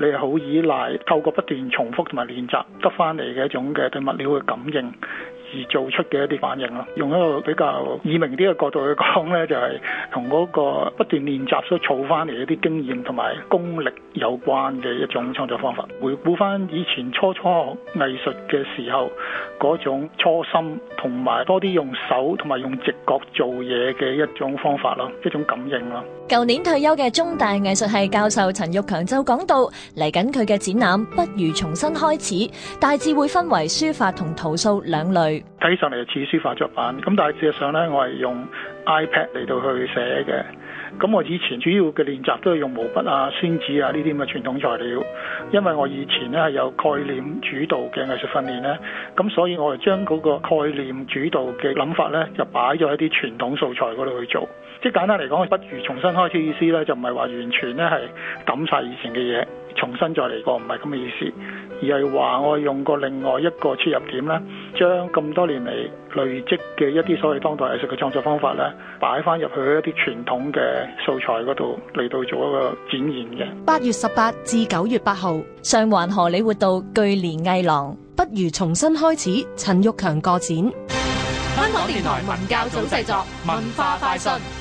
你係好依賴透過不斷重複同埋練習得翻嚟嘅一種嘅對物料嘅感應。而做出嘅一啲反應咯，用一個比較耳明啲嘅角度去講咧，就係同嗰個不斷練習所儲翻嚟一啲經驗同埋功力有關嘅一種創作方法。回顧翻以前初初學藝術嘅時候嗰種初心，同埋多啲用手同埋用直覺做嘢嘅一種方法咯，一種感應咯。舊年退休嘅中大藝術系教授陳玉強就講到，嚟緊佢嘅展覽不如重新開始，大致會分為書法同圖素兩類。睇上嚟似書法作品，咁但係事實上呢，我係用 iPad 嚟到去寫嘅。咁我以前主要嘅練習都係用毛筆啊、宣紙啊呢啲咁嘅傳統材料，因為我以前呢係有概念主導嘅藝術訓練呢。咁所以我係將嗰個概念主導嘅諗法呢，就擺咗喺啲傳統素材嗰度去做。即係簡單嚟講，我不如重新開始意思呢，就唔係話完全呢係抌晒以前嘅嘢。重新再嚟過，唔係咁嘅意思，而係話我用過另外一個切入點咧，將咁多年嚟累積嘅一啲所謂當代藝術嘅創作方法咧，擺翻入去一啲傳統嘅素材嗰度嚟到做一個展現嘅。八月十八至九月八號，上環荷里活道巨年藝廊，不如重新開始陳玉強個展。香港電台文教組製作，文化快訊。